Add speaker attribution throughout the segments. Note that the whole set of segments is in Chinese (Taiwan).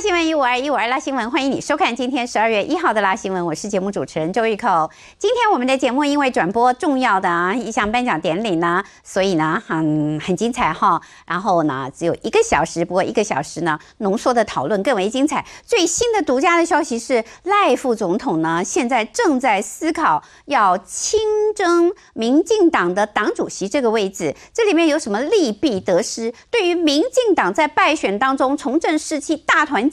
Speaker 1: 新聞一五二一五二辣新聞，歡迎你收看今天十二月一號的辣新聞。我是節目主持人周玉蔻。今天我們的節目因為轉播重要的啊一項頒獎典禮呢、啊，所以呢很、嗯、很精彩哈、哦。然後呢只有一個小時播，不過一個小時呢濃縮的討論更為精彩。最新的獨家的消息是賴副總統呢現在正在思考要親征民進黨的黨主席這個位置，這裡面有什麼利弊得失？對於民進黨在敗選當中重振士氣、大團。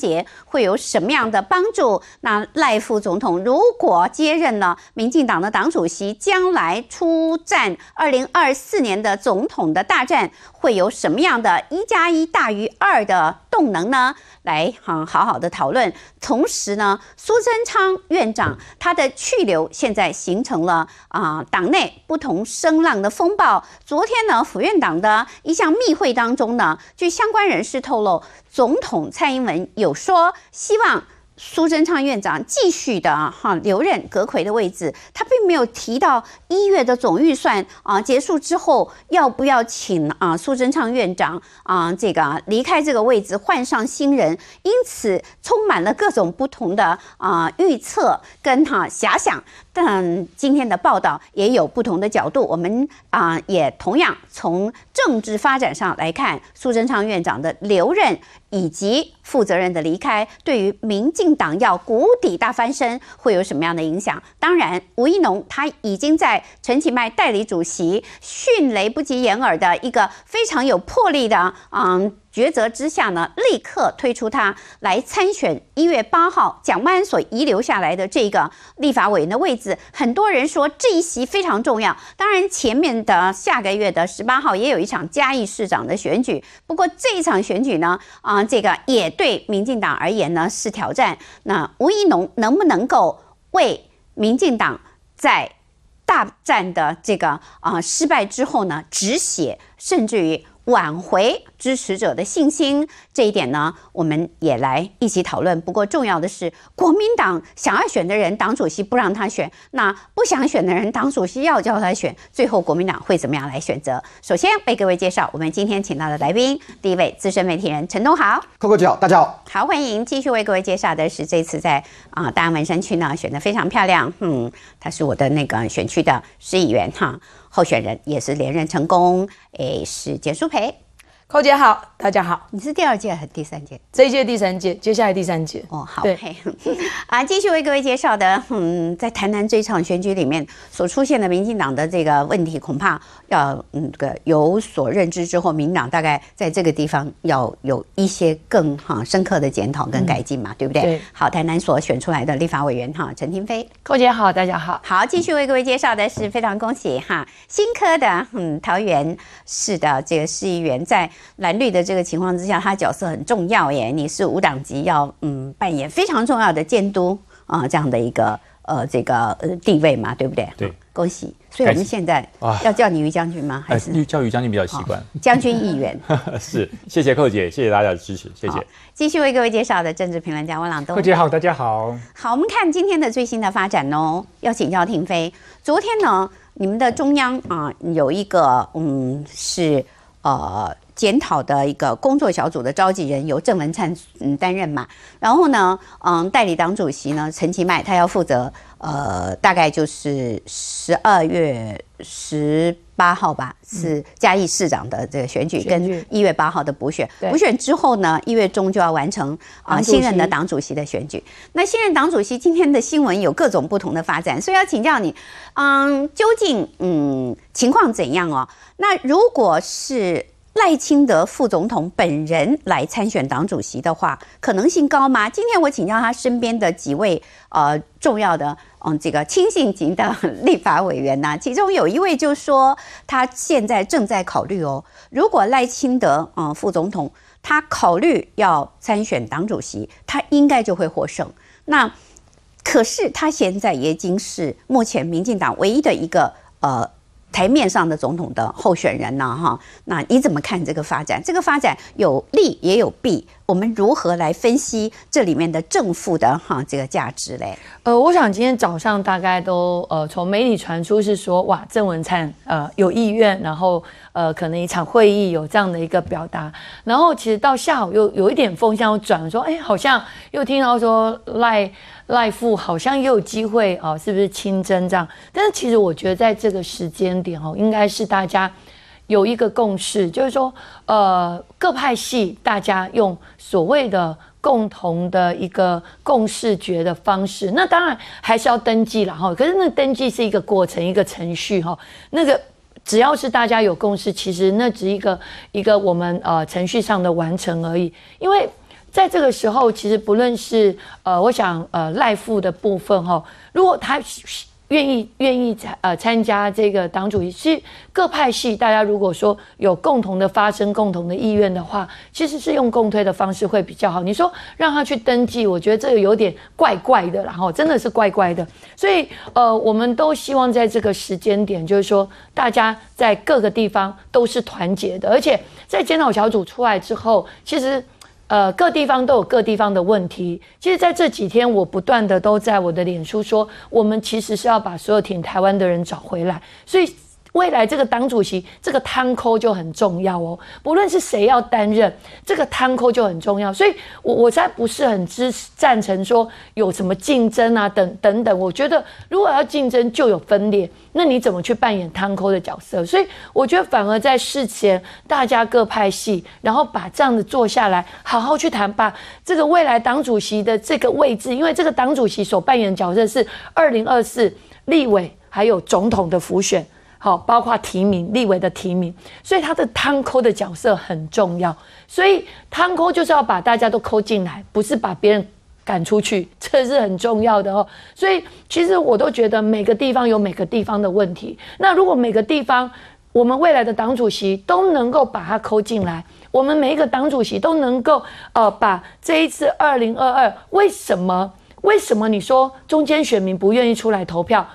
Speaker 1: 會有什麼樣的幫助？那賴副總統如果接任了民進黨的黨主席，將來出戰二零二四年的總統的大戰，會有什麼樣的“一加一大於二”的動能呢？來，哈，好好的討論。同時呢，蘇貞昌院長他的去留現在形成了啊、呃，黨內不同聲浪的風暴。昨天呢，府院黨的一項密會當中呢，據相關人士透露，總統蔡英文有說希望。蘇貞昌院長繼續的哈留任閣揆的位置，他並沒有提到一月的總預算啊結束之後要不要請啊蘇貞昌院長啊這個離開這個位置換上新人，因此充滿了各種不同的啊預測跟他遐想。但今天的報道也有不同的角度，我們啊也同樣從政治發展上來看蘇貞昌院長的留任以及。負責任的離開，對於民進黨要谷底大翻身會有什麼樣的影響？當然，吳怡農他已經在陳其邁代理主席迅雷不及掩耳的一個非常有魄力的，嗯。抉擇之下呢，立刻推出他來參選一月八號蔣萬安所遺留下來的這個立法委員的位置。很多人說這一席非常重要。當然，前面的下個月的十八號也有一場嘉義市長的選舉。不過這一場選舉呢，啊、呃，這個也對民進黨而言呢是挑戰。那吳怡農能不能夠為民進黨在大戰的這個啊、呃、失敗之後呢止血，甚至於？挽回支持者的信心這一點呢，我們也來一起討論。不過重要的是，國民黨想要選的人，黨主席不讓他選；那不想選的人，黨主席要叫他選。最後，國民黨會怎麼樣來選擇？首先，為各位介紹我們今天請到的來賓。第一位資深媒體人陳東豪，
Speaker 2: 蔻蔻姐，大家好，
Speaker 1: 好歡迎。繼續為各位介紹的是，這次在啊、呃、大安文山區呢選得非常漂亮，嗯，他是我的那個選區的市議員哈。候選人也是連任成功，誒、欸，是簡舒培。蔻姐好，大家好。你是第二屆還是第三屆？這一屆第三屆，接下來第三屆。哦，好。對，啊，繼續為各位介紹的，嗯，在台南這場選舉裡面所出現的民進黨的這個問題，恐怕要嗯，這個有所認知之後，民黨大概在這個地方要有一些更哈深刻的檢討跟改進嘛，嗯、對不對？對。好，台南所選出來的立法委員哈，陳亭妃。蔻姐好，大家好。好，繼續為各位介紹的是非常恭喜哈，新科的嗯，桃園市的這個市議員在。藍綠的這個情況之下，他角色很重要耶。你是無黨籍，要嗯扮演非常重要的監督啊、呃、這樣的一個呃這個呃地位嘛，對不對？對，恭喜。所以我們現在要叫你於將軍嗎？啊、還是
Speaker 3: 叫於、哎、將軍比較習慣？
Speaker 1: 將軍議員
Speaker 3: 是。謝謝蔻姐，謝謝大家的支持，謝謝。
Speaker 1: 繼續為各位介紹的政治評論家溫朗東。蔻姐好，大家好。好，我們看今天的最新的發展哦。要請教亭妃，昨天呢，你們的中央啊、呃、有一個嗯是呃。檢討的一個工作小組的召集人由鄭文燦嗯擔任嘛，然後呢，嗯，代理黨主席呢陳其邁他要負責呃，大概就是十二月十八號吧，是嘉義市長的這個選舉，跟一月八號的補選，補選之後呢，一月中就要完成啊，新任的黨主席的選舉。那新任黨主席今天的新聞有各種不同的發展，所以要請教你，嗯，究竟嗯情況怎樣哦？那如果是。賴清德副總統本人來參選黨主席的話，可能性高嗎？今天我請教他身邊的幾位呃重要的嗯這個親信級的立法委員呢、啊，其中有一位就說他現在正在考慮哦，如果賴清德嗯、呃、副總統他考慮要參選黨主席，他應該就會獲勝。那可是他現在已經是目前民進黨唯一的一個呃。台面上的總統的候選人呢？哈，那你怎麼看這個發展？這個發展有利也有弊。我們如何來分析這裡面的正負的哈，這個價值嘞？呃，我想今天早上大
Speaker 4: 概都呃從媒體傳出是說，哇，鄭文燦呃有意願，然後呃可能一場會議有這樣的一個表達，然後其實到下午又有一點風向轉了，說哎，好像又聽到說賴賴副好像也有機會啊，是不是親征這樣？但是其實我覺得在這個時間點哦，應該是大家。有一個共識，就是說，呃，各派系大家用所謂的共同的一個共識決的方式，那當然還是要登記了哈、哦。可是那登記是一個過程，一個程序哈、哦。那個只要是大家有共識，其實那只是一個一個我們呃程序上的完成而已。因為在這個時候，其實不論是呃，我想呃賴副的部分哈、哦，如果他。願意願意參呃參加這個黨主席，其實各派系大家如果說有共同的發生、共同的意願的話，其實是用共推的方式會比較好。你說讓他去登記，我覺得這個有點怪怪的，然後真的是怪怪的。所以呃，我們都希望在這個時間點，就是說大家在各個地方都是團結的，而且在檢討小組出來之後，其實。呃，各地方都有各地方的問題。其實，在這幾天，我不斷的都在我的臉書說，我們其實是要把所有挺台灣的人找回來，所以。未來這個黨主席這個湯扣就很重要哦，不論是誰要擔任這個湯扣就很重要，所以我我才不是很支持贊成說有什麼競爭啊等等等，我覺得如果要競爭就有分裂，那你怎麼去扮演湯扣的角色？所以我覺得反而在事前大家各派系，然後把這樣子坐下來好好去談吧，這個未來黨主席的這個位置，因為這個黨主席所扮演的角色是二零二四立委還有總統的輔選。好，包括提名立委的提名，所以他的湯摳的角色很重要。所以湯摳就是要把大家都摳進來，不是把別人趕出去，這是很重要的哦。所以其實我都覺得每個地方有每個地方的問題。那如果每個地方我們未來的黨主席都能夠把他摳進來，我們每一個黨主席都能夠呃把這一次二零二二為什麼為什麼你說中間選民不願意出來投票？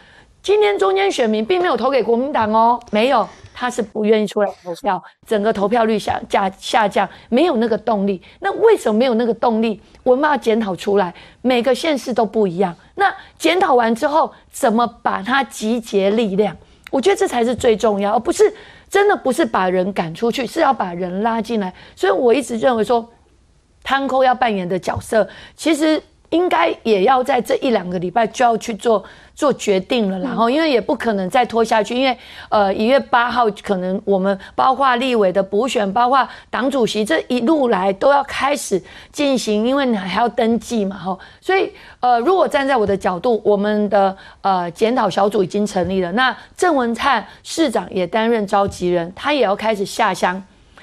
Speaker 4: 今天中間選民並沒有投給國民黨哦，沒有，他是不願意出來投票，整個投票率下降，下降，沒有那個動力。那為什麼沒有那個動力？我們要檢討出來，每個縣市都不一樣。那檢討完之後，怎麼把它集結力量？我覺得這才是最重要，而不是真的不是把人趕出去，是要把人拉進來。所以我一直認為說，貪空要扮演的角色，其實。應該也要在這一兩個禮拜就要去做做決定了，然後因為也不可能再拖下去，因為呃一月八號可能我們包括立委的補選，包括黨主席這一路來都要開始進行，因為你還要登記嘛，吼，所以呃如果站在我的角度，我們的呃檢討小組已經成立了，那鄭文燦市長也擔任召集人，他也要開始下鄉，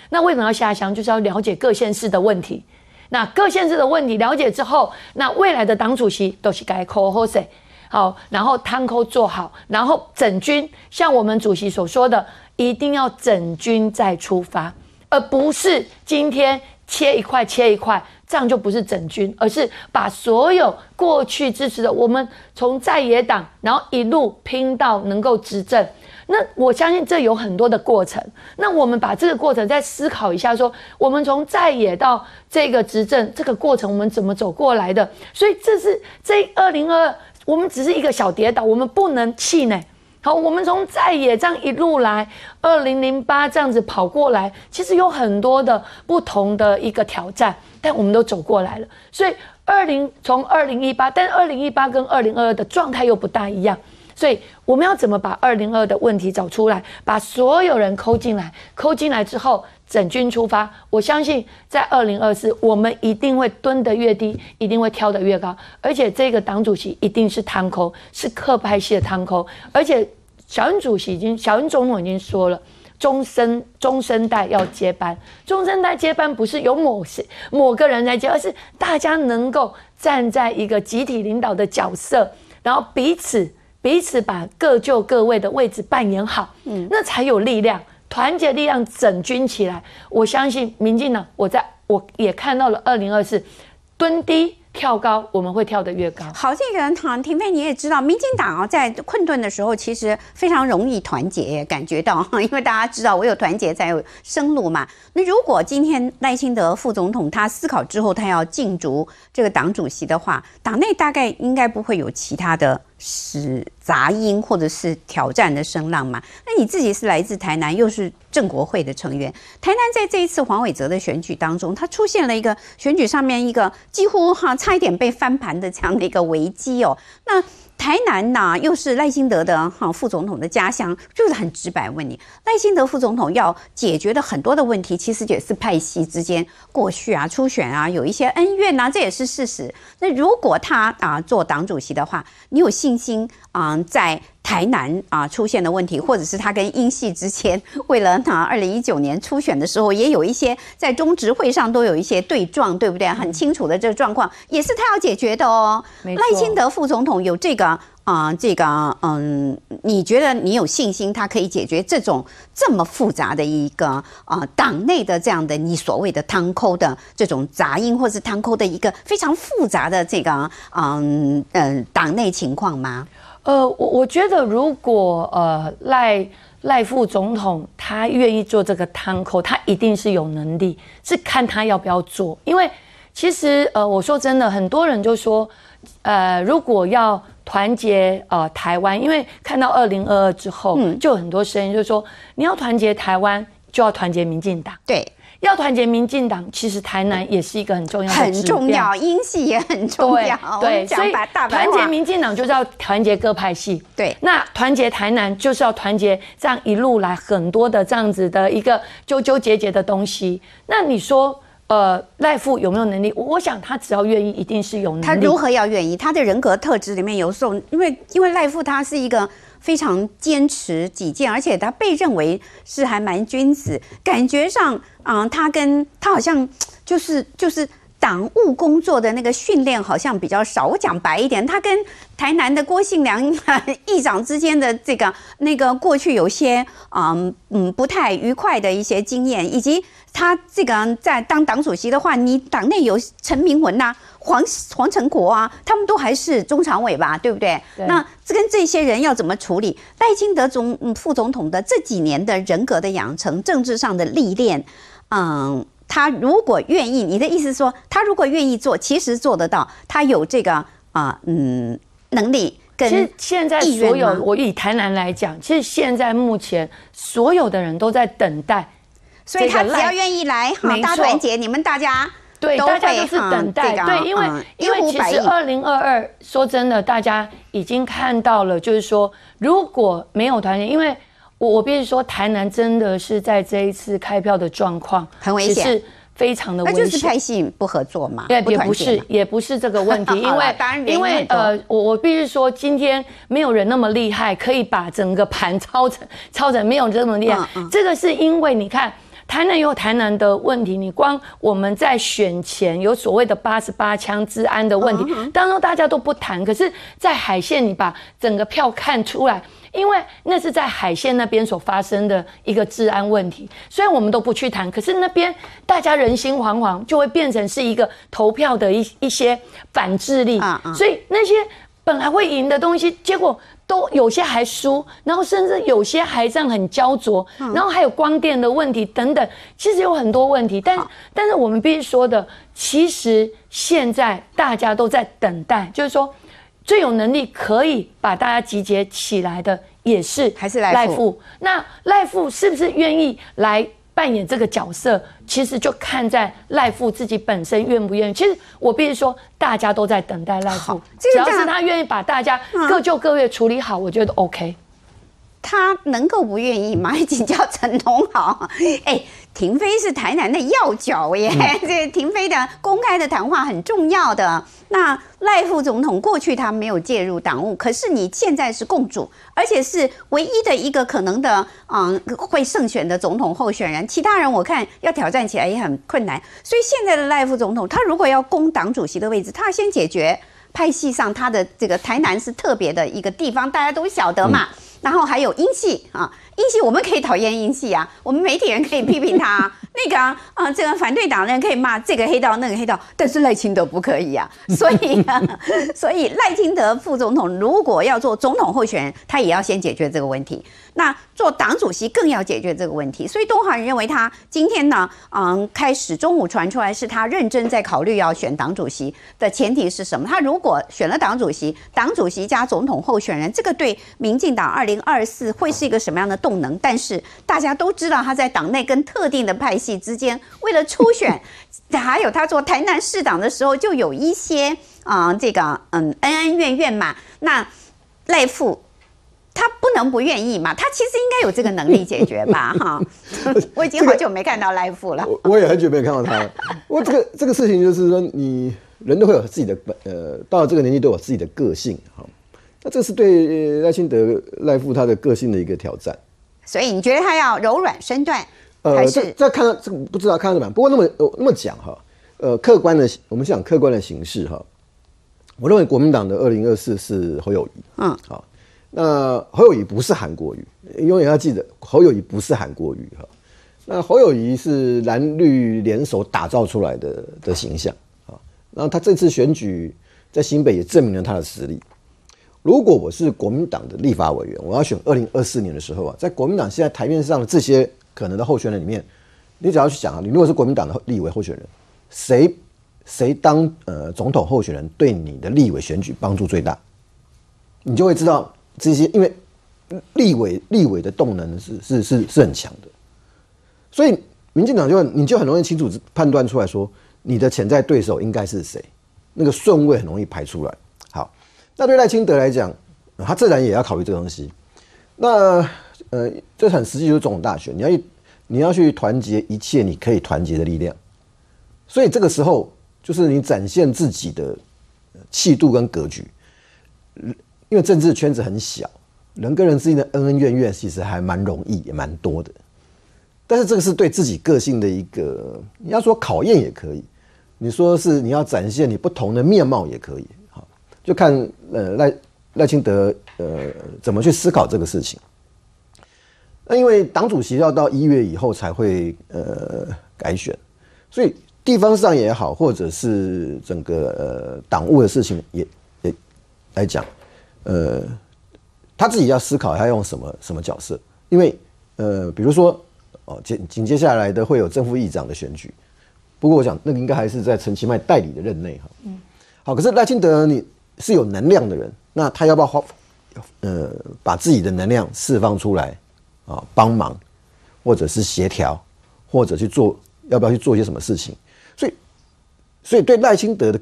Speaker 4: 那為什麼要下鄉？就是要了解各縣市的問題。那各縣市的問題了解之後，那未來的黨主席都是該扣或誰好，然後攤扣做好，然後整軍，像我們主席所說的，一定要整軍再出發，而不是今天切一塊切一塊，這樣就不是整軍，而是把所有過去支持的我們從在野黨，然後一路拼到能夠執政。那我相信這有很多的過程。那我們把這個過程再思考一下說，說我們從在野到這個執政這個過程，我們怎麼走過來的？所以這是這二零二二，我們只是一個小跌倒，我們不能氣餒。好，我們從在野這樣一路來，二零零八這樣子跑過來，其實有很多的不同的一個挑戰，但我們都走過來了。所以二 20, 零從二零一八，但二零一八跟二零二二的狀態又不大一樣。所以我們要怎麼把二零二二的問題找出來？把所有人箍進來，箍進來之後整軍出發。我相信在二零二四，我們一定會蹲得越低，一定會跳得越高。而且這個黨主席一定是桶箍，是跨派系的桶箍。而且小英主席已經，小英總統已經說了，中生、中生代要接班。中生代接班不是由某些某個人來接，而是大家能夠站在一個集體領導的角色，然後彼此。彼此把各就各位的位置扮演好，嗯，那才有力量，團結力量整軍起來。我相信民進黨，我在我也看到了二零二四
Speaker 1: 蹲低跳高，我們會跳得越高。好，這個人亭妃，你也知道，民進黨啊，在困頓的時候，其實非常容易團結，感覺到，因為大家知道，我有團結才有生路嘛。那如果今天賴清德副總統他思考之後，他要競逐這個黨主席的話，黨內大概應該不會有其他的。是雜音或者是挑戰的聲浪嘛？那你自己是來自台南，又是正國會的成員。台南在這一次黃偉哲的選舉當中，他出現了一個選舉上面一個幾乎哈差一點被翻盤的這樣的一個危機哦。那。台南吶，又是賴清德的哈副總統的家鄉，就是很直白問你，賴清德副總統要解決的很多的問題，其實也是派系之間過去啊、初選啊有一些恩怨吶、啊，這也是事實。那如果他啊做黨主席的話，你有信心啊在？台南啊出現的問題，或者是他跟英系之間，為了他二零一九年初選的時候，也有一些在中執會上都有一些對撞，對不對？很清楚的這個狀況，也是他要解決的哦。賴沒錯 清德副總統有這個啊，這個嗯，你覺得你有信心他可以解決這種這麼複雜的一個啊黨內的這樣的你所謂的堂口的這種雜音，或是堂口的一個非常複雜的這個嗯嗯黨內情況嗎？呃，
Speaker 4: 我我覺得如果呃賴賴副總統他願意做這個湯口，他一定是有能力，是看他要不要做。因為其實呃，我說真的，很多人就說，呃，如果要團結呃台灣，因為看到二零二二之後，嗯，就有很多聲音就是說，你要團結台灣，就要團結民進黨。對。要團結民進黨，其實台南也是一個很重要的事情。很重要，
Speaker 1: 英系也很重要。對，大對，所以團結民
Speaker 4: 進黨就是要團結各派系。對，那團結台南就是要團結這樣一路來很多的這樣子的一個糾糾結、結結的東西。那你說，呃，賴副有沒有能力？我想他只要願意，一定是有能力。他如何
Speaker 1: 要願意？他的人格特質裡面有，有時候因為因為賴副他是一個。非常堅持己見，而且他被認為是還蠻君子，感覺上啊，他跟他好像就是就是。黨務工作的那個訓練好像比較少。我講白一點，他跟台南的郭信良議長之間的這個那個過去有些嗯嗯不太愉快的一些經驗，以及他這個在當黨主席的話，你黨內有陳明文吶、啊、黃黃成國啊，他們都還是中常委吧，對不對？對那跟這些人要怎麼處理？賴清德總、嗯、副總統的這幾年的人格的養成、政治上的歷練，嗯。他如果願意，你的意思是說，他如果願意做，其實做得到，他有這個啊，嗯，能力跟。其實現在
Speaker 4: 所有我以台南來講，其實現在目前所有的人都在等待，
Speaker 1: 所以他只要願意來，沒錯，大團結你們大家都，對，大家都是等待，嗯，這個，嗯，對，因為因為其實二
Speaker 4: 零二二，說真的，大家已經看到了，就是說，如果沒有團結，因為。我我必須說，台南真的是在這一次開票的狀況很危險，是非常的危險。那就是派
Speaker 1: 系不合作嘛？對，也不
Speaker 4: 是也不是這個問題，因為因為呃，我我必須說，今天沒有人那麼厲害，可以把整個盤抄成抄成沒有人這麼厲害。這個是因為你看，台南有台南的問題，你光我們在選前有所謂的八十八槍治安的問題當中，大家都不談。可是，在海線，你把整個票看出來。因為那是在海線那邊所發生的一個治安問題，雖然我們都不去談。可是那邊大家人心惶惶，就會變成是一個投票的一一些反制力。所以那些本來會贏的東西，結果都有些還輸，然後甚至有些還這樣很焦灼。然後還有光電的問題等等，其實有很多問題。但是但是我們必須說的，其實現在大家都在等待，就是說。最有能力可以把大家集結起來的，也是賴還是賴副。那賴副是不是願意來扮演這個角色？其實就看在賴副自己本身願不願意。其實我必須說，大家都在等待賴副，只，只要是他願意把大家各就各位處理好，嗯、我覺得 OK。他
Speaker 1: 能夠不願意嗎？已經叫陳同好，哎、欸，亭妃是台南的要角耶，這亭、嗯、妃的公開的談話很重要的。那賴副總統過去他沒有介入黨務，可是你現在是共主，而且是唯一的一個可能的嗯，會勝選的總統候選人，其他人我看要挑戰起來也很困難。所以現在的賴副總統，他如果要攻黨主席的位置，他要先解決派系，上他的這個台南是特別的一個地方，大家都曉得嘛。嗯、然後還有英系啊。英系我們可以討厭英系啊，我們媒體人可以批評他，啊，那個啊、呃、這個反對黨人可以罵這個黑道那個黑道，但是賴清德不可以啊，所以，啊、所以賴清德副總統如果要做總統候選人，他也要先解決這個問題。那做黨主席更要解決這個問題。所以東豪人認為他今天呢，嗯，開始中午傳出來是他認真在考慮要選黨主席的前提是什麼？他如果選了黨主席，黨主席加總統候選人，這個對民進黨二零二四會是一個什麼樣的動？能，但是大家都知道他在黨內跟特定的派系之間，為了初選，還有他做台南市長的時候，就有一些啊、嗯，這個嗯恩恩怨怨嘛。那賴副他不能不願意嘛，他其實應該有這個能力解決吧，哈。我已經好久沒看到賴副了、
Speaker 2: 這個我，我也很久沒有看到他了。 我這個這個事情就是說，你人都會有自己的呃，到了這個年紀都有自己的個性，那這是對賴清德賴副他的個性的一個挑戰。
Speaker 1: 所以你覺得他要柔軟身段？
Speaker 2: 呃，還是、呃、看到這個不知道看到什麼。不過那麼那麼講哈，呃，客觀的，我們是講客觀的形式哈。我認為國民黨的二零二四是侯友宜，嗯，好、哦。那侯友宜不是韓國瑜，永遠要記得侯友宜不是韓國瑜哈。那侯友宜是藍綠聯手打造出來的的形象啊。然後他這次選舉在新北也證明了他的實力。如果我是國民黨的立法委員，我要選二零二四年的時候啊，在國民黨現在台面上的這些可能的候選人裡面，你只要去想啊，你如果是國民黨的立委候選人，誰誰當呃總統候選人對你的立委選舉幫助最大，你就會知道這些，因為立委立委的動能是是是是很強的，所以民進黨就你就很容易清楚判斷出來說，說你的潛在對手應該是誰，那個順位很容易排出來。那對賴清德來講，嗯，他自然也要考慮這個東西。那呃，這很實際，就是總統大選，你要你要去團結一切你可以團結的力量。所以這個時候，就是你展現自己的氣度跟格局。因為政治圈子很小，人跟人之間的恩恩怨怨其實還蠻容易，也蠻多的。但是這個是對自己個性的一個，你要說考驗也可以，你說是你要展現你不同的面貌也可以。就看呃賴賴清德呃怎麼去思考這個事情。那、啊、因為黨主席要到一月以後才會呃改選，所以地方上也好，或者是整個呃黨務的事情也也來講，呃他自己要思考他用什麼什麼角色。因為呃比如說哦緊緊接下來的會有正副議長的選舉，不過我想那個應該還是在陳其邁代理的任內哈。嗯。好，可是賴清德你。是有能量的人，那他要不要花，呃，把自己的能量釋放出來，啊、喔，幫忙，或者是協調，或者去做，要不要去做一些什麼事情？所以，所以對賴清德的，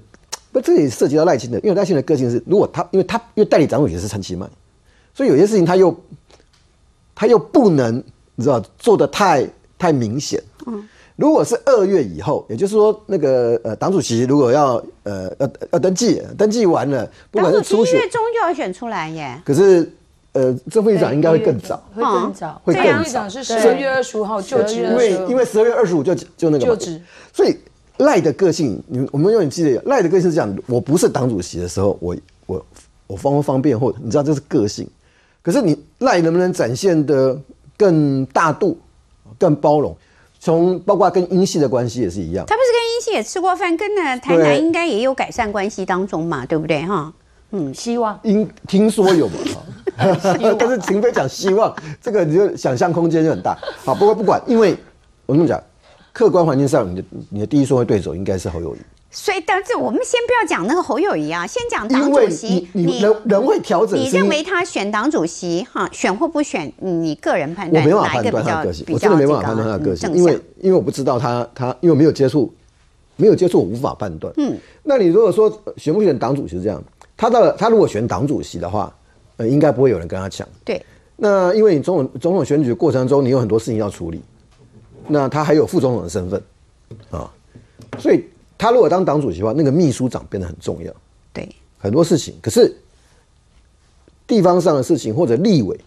Speaker 2: 不，這裡涉及到賴清德，因為賴清德的個性是，如果他，因為他，因為他，因為代理長官也是陳其邁，所以有些事情他又，他又不能，你知道，做得太太明顯，嗯。如果是二月以後，也就是說，那個呃，黨主席如果要呃呃要登記，登記完了，不會選主席一月
Speaker 1: 中就要選出來耶。
Speaker 2: 可是，呃，正副議長應該會更早，啊、會更早。正副議長是十二
Speaker 5: 月二十五號對就職職，因為因
Speaker 2: 為十二月二十五就就那個就職職。所以賴的個性，你我們永遠記得，賴的個性是講，我不是黨主席的時候，我我我方不方便，或者你知道這是個性。可是你賴能不能展現得更大度、更包容？從包括跟英系的關係也是一樣，他
Speaker 1: 不是跟英系也吃過飯，跟呢台南應該也有改善關係當中嘛，對，對不對哈？嗯，希望英，
Speaker 2: 聽說有嘛， 但是秦飛講希望 這個你就想象空間就很大。好，不過不管，因為我跟你講，客觀環境上，你的你的第一順位對手應該是侯友宜。
Speaker 1: 所以，但是我們先不要講那個侯友宜啊，先講黨主席。你，你，人，
Speaker 2: 你人會調整。你認為
Speaker 1: 他選黨主席哈？選或不選，你個人判斷哪一個比較。我沒辦法判斷他的個性，個我真的沒辦法判斷他的個性，因為
Speaker 2: 因為我不知道他他，因為沒有接觸，沒有接觸，我無法判斷。嗯，那你如果說選不選黨主席是這樣，他到他如果選黨主席的話，呃，應該不會有人跟他搶。對。那因為你總統總統選舉的過程中，你有很多事情要處理，那他還有副總統的身份啊、哦，所以。他如果當黨主席的話，那個秘書長變得很重要。對，很多事情。可是地方上的事情或者立委，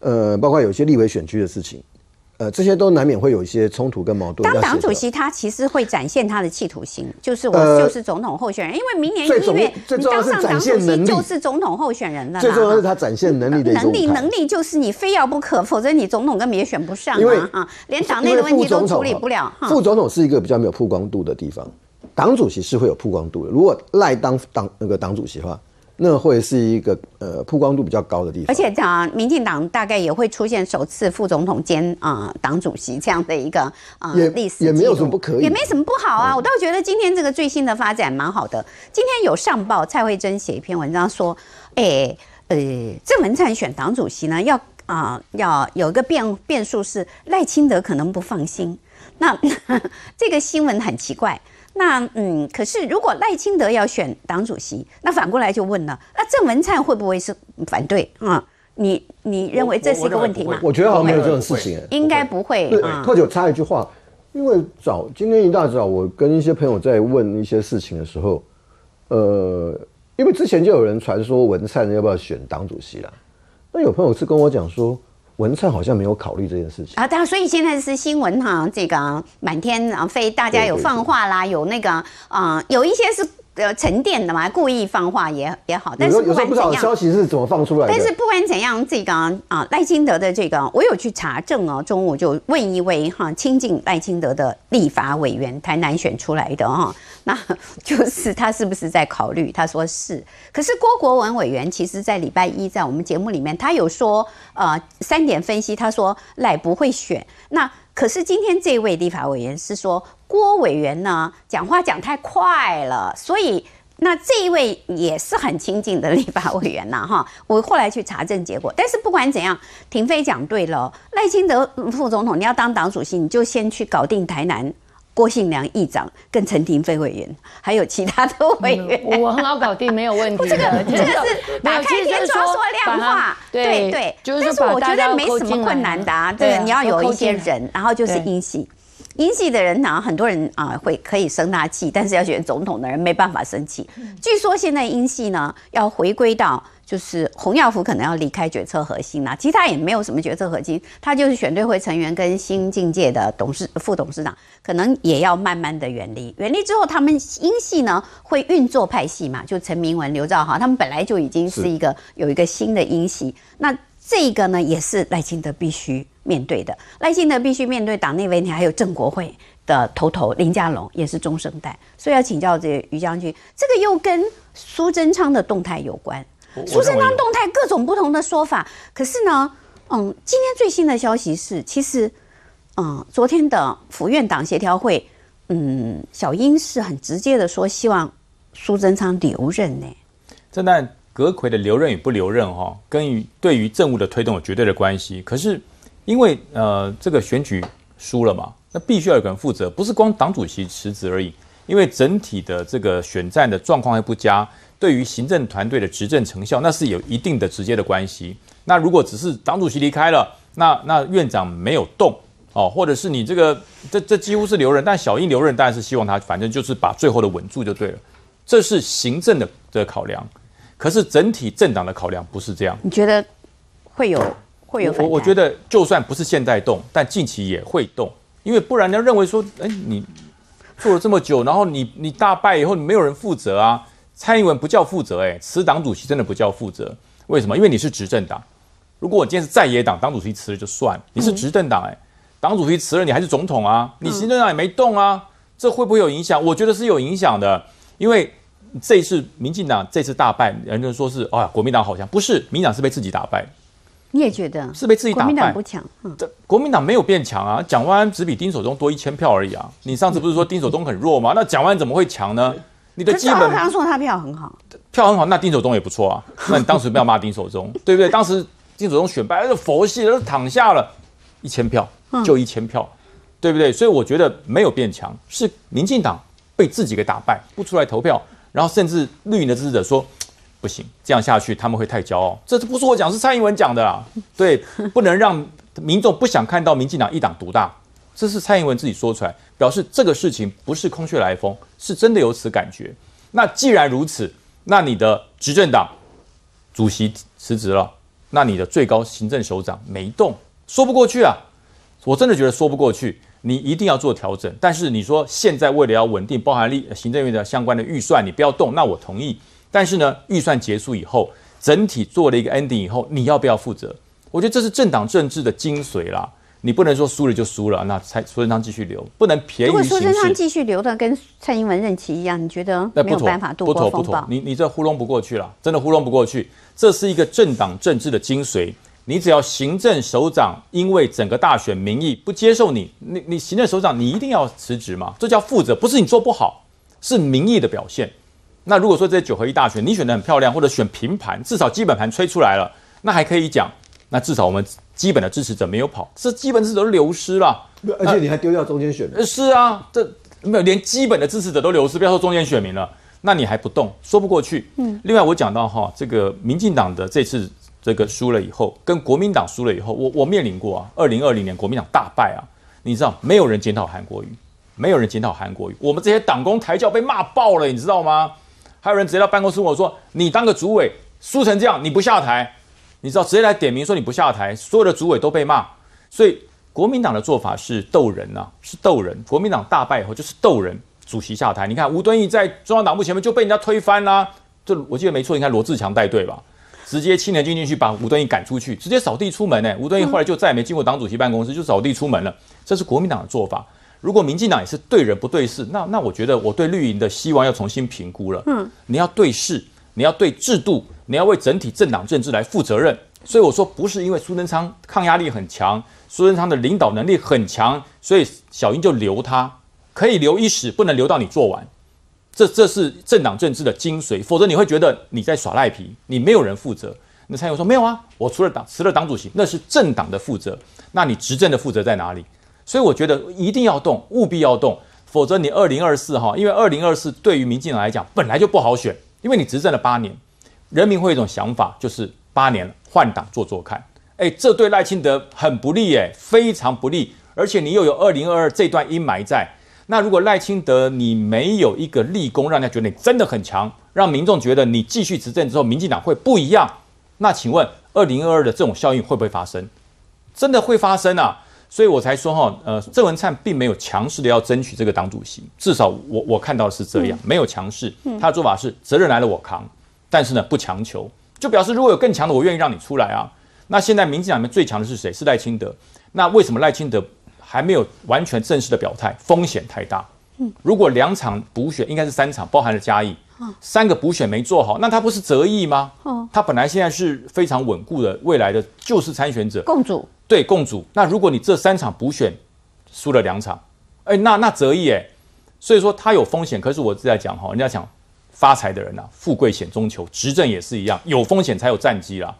Speaker 2: 呃，包括有些立委選區的事情，呃，這些都難免會有一些衝突跟矛盾。當黨主席，
Speaker 1: 他其實會展現他的企圖心，就是我就是總統候選人，呃、因為明年一月，你當上黨主席就是總統候選人了。最重要的是
Speaker 2: 他展現能力的一種。能力能力
Speaker 1: 就是你非要不可，否則你總統跟別也選不上嘛，啊，為連黨內的問題都處理不了。副總，哦、副
Speaker 2: 總統是一個比較沒有曝光度的地方。黨主席是會有曝光度的。如果賴當當那個黨主席的話，那會是一個呃曝光度比較高的地方。而且
Speaker 1: 講、啊、民進黨大概也會出現首次副總統兼啊黨、呃、主席這樣的一個啊歷、呃、也史。也沒有什麼不可以，嗯、也沒什麼不好啊。我倒覺得今天這個最新的發展蠻好的。今天有上報蔡慧珍寫一篇文章說，哎、欸、呃，鄭、欸、文燦選黨主席呢，要啊、呃、要有一個變變數是賴清德可能不放心。那呵呵這個新聞很奇怪。那嗯，可是如果賴清德要選黨主席，那反過來就問了，那鄭文燦會不會是反對啊、嗯？你你認為這是一個問題嗎？我我？我覺得好像沒有這種事情，欸，應該為對不會。不會對，或者
Speaker 2: 我插一句話，因為早、嗯、今天一大早，我跟一些朋友在問一些事情的時候，呃，因為之前就有人傳說文燦要不要選黨主席啦，那有朋友是跟我講說。文燦好像沒有考慮這件事情
Speaker 1: 啊，啊，對所以現在是新聞哈，啊，這個滿天啊飛，非大家有放話啦，對對對，有那個啊、嗯，有一些是，要沉澱的嘛，故意放話也也好，但是有時候不知道消
Speaker 2: 息是怎麼放出來的。但是不
Speaker 1: 管怎樣，這個啊呃賴清德的這個，我有去查證哦。中午就問一位哈親近賴清德的立法委員，台南選出來的哈，那就是他是不是在考慮？他說是。可是郭國文委員其實在禮拜一在我們節目裡面，他有說呃三點分析，他說賴不會選。那可是今天這位立法委員是說。郭委員呢，講話講太快了，所以那這一位也是很親近的立法委員吶，哈。我後來去查證結果，但是不管怎樣，亭妃講對了，賴清德副總統，你要當黨主席，你就先去搞定台南郭信良議長跟陳亭妃委員，還有其他的委員，
Speaker 4: 嗯、我很好搞定，沒有問題。這個這個是打開天窗說亮話，對對。但是我覺得沒什麼困難
Speaker 1: 的，對，你要有一些人，然後就是因。系。英系的人呢、啊，很多人啊會可以生大氣，但是要選總統的人沒辦法生氣。嗯、據說現在英系呢要回歸到，就是洪耀福可能要離開決策核心、啊、其實他也沒有什麼決策核心，他就是選對會成員跟新境界的董事、嗯、副董事長，可能也要慢慢的遠離。遠離之後，他們英系呢會運作派系嘛，就陳明文、劉兆豪，他們本來就已經是一個是有一個新的英系，那。這一個呢，也是賴清德必須面對的。賴清德必須面對黨內問題，還有正國會的頭頭林佳龍也是中生代，所以要請教這於將軍，這個又跟蘇貞昌的動態有關。我我蘇貞昌動態各種不同的說法，可是呢，嗯，今天最新的消息是，其實，嗯，昨天的府院黨協調會，嗯，小英是很直接的說，希望蘇貞昌留任呢，真的。
Speaker 3: 閣揆的留任與不留任，哦，哈，跟於對於政務的推動有絕對的關係。可是，因為呃這個選舉輸了嘛，那必須要有人負責，不是光黨主席辭職而已。因為整體的這個選戰的狀況還不佳，對於行政團隊的執政成效，那是有一定的直接的關係。那如果只是黨主席離開了，那那院長沒有動哦，或者是你這個這這幾乎是留任，但小英留任當然是希望他，反正就是把最後的穩住就對了。這是行政的的考量。可是整體政黨的考量不是這樣。
Speaker 1: 你覺得會有會有？我我覺得
Speaker 3: 就算不是現在動，但近期也會動，因為不然人家認為說，誒，你做了這麼久，然後你你大敗以後，你沒有人負責啊？蔡英文不叫負責、欸，誒，辭黨主席真的不叫負責，為什麼？因為你是執政黨，如果我今天是在野黨，黨主席辭了就算，嗯、你是執政黨、欸，誒，黨主席辭了你還是總統啊，你行政長也沒動啊，嗯、這會不會有影響？我覺得是有影響的，因為。這次民進黨這次大敗，有人就說是哎、哦、呀國民黨好強，不是民黨是被自己打敗。
Speaker 1: 你也覺得是被自己打敗？國民黨不強、
Speaker 3: 嗯，國民黨沒有變強啊。蔣萬安只比丁守中多一千票而已啊。你上次不是說丁守中很弱嗎？那蔣萬安怎麼會強呢？你的基本上
Speaker 1: 說他票很好，
Speaker 3: 票很好，那丁守中也不錯啊。那你當時不要罵丁守中，對不對？當時丁守中選敗是佛系的，躺下了一千票，就一千票，對不對？所以我覺得沒有變強，是民進黨被自己給打敗，不出來投票。然後甚至綠營的支持者說：“不行，這樣下去他們會太驕傲。”這不是我講，是蔡英文講的啊。對，不能讓民眾不想看到民進黨一黨獨大。這是蔡英文自己說出來，表示這個事情不是空穴來風，是真的有此感覺。那既然如此，那你的執政黨主席辭職了，那你的最高行政首長沒動，說不過去啊！我真的覺得說不過去。你一定要做調整，但是你說現在為了要穩定包含立行政院的相關的預算，你不要動，那我同意。但是呢，預算結束以後，整體做了一個 ending 以後，你要不要負責？我覺得這是政黨政治的精髓啦。你不能說輸了就輸了，那蔡蘇貞昌繼續留，不能便宜。如果蘇貞昌繼
Speaker 1: 續留，的跟蔡英文任期一樣，你覺得沒有辦法度過風暴，不妥，不，妥不妥，不妥。
Speaker 3: 你你這糊弄不過去了，真的糊弄不過去。這是一個政黨政治的精髓。你只要行政首長，因為整個大選民意不接受你，你你行政首長你一定要辭職嘛？這叫負責，不是你做不好，是民意的表現。那如果說這九合一大選你選得很漂亮，或者選平盤，至少基本盤吹出來了，那還可以講。那至少我們基本的支持者沒有跑，這基本支持者都流失了，而且你還丟掉中間選民。是啊，這沒有連基本的支持者都流失，不要說中間選民了，那你還不動，說不過去。嗯，另外我講到哈，這個民進黨的這次。這個輸了以後，跟國民黨輸了以後，我我面臨過啊。二零二零年國民黨大敗啊，你知道沒有人檢討韓國瑜，沒有人檢討韓國瑜，我們這些黨工台教被罵爆了，你知道嗎？還有人直接到辦公室問我說，你當個主委輸成這樣你不下台，你知道直接來點名說你不下台，所有的主委都被罵。所以國民黨的做法是鬥人吶、啊，是鬥人。國民黨大敗以後就是鬥人，主席下台，你看吳敦義在中央黨部前面就被人家推翻啦、啊。這我記得沒錯，應該羅智強帶隊吧。直接青年軍進去，把吳敦義趕出去，直接掃地出門。哎，吳敦義後來就再也沒進過黨主席辦公室，嗯、就掃地出門了。這是國民黨的做法。如果民進黨也是對人不對事，那那我覺得我對綠營的希望要重新評估了。嗯、你要對事，你要對制度，你要為整體政黨政治來負責任。所以我說，不是因為蘇貞昌抗壓力很強，蘇貞昌的領導能力很強，所以小英就留他，可以留一時，不能留到你做完。這這是政黨政治的精髓，否則你會覺得你在耍賴皮，你沒有人負責。那蔡英文說沒有啊，我除了黨辭了黨主席，那是政黨的負責，那你執政的負責在哪裡？所以我覺得一定要動，務必要動，否則你二零二四齁，因為二零二四對於民進黨來講，本來就不好選，因為你執政了八年，人民會有一種想法，就是八年換黨做做看。哎，這對賴清德很不利，哎，非常不利，而且你又有二零二二這段陰霾在。那如果賴清德你沒有一個立功，讓人家覺得你真的很強，讓民眾覺得你繼續執政之後，民進黨會不一樣，那請問二零二二的這種效應會不會發生？真的會發生啊？所以我才說哈，呃，鄭文燦並沒有強勢的要爭取這個黨主席，至少我我看到的是這樣，嗯、沒有強勢，嗯、他的做法是責任來了我扛，但是呢，不強求，就表示如果有更強的，我願意讓你出來啊。那現在民進黨裡面最強的是誰？是賴清德。那為什麼賴清德？還沒有完全正式的表態，風險太大。嗯、如果兩場補選應該是三場，包含了嘉義、哦、三個補選沒做好，那他不是折翼嗎？哦、他本來現在是非常穩固的，未來的就是參選者共主，對，共主。那如果你這三場補選輸了兩場，哎、欸，那那折翼哎，所以說他有風險。可是我是在講哈，人家講發財的人啊，富貴險中求，執政也是一樣，有風險才有戰機啦。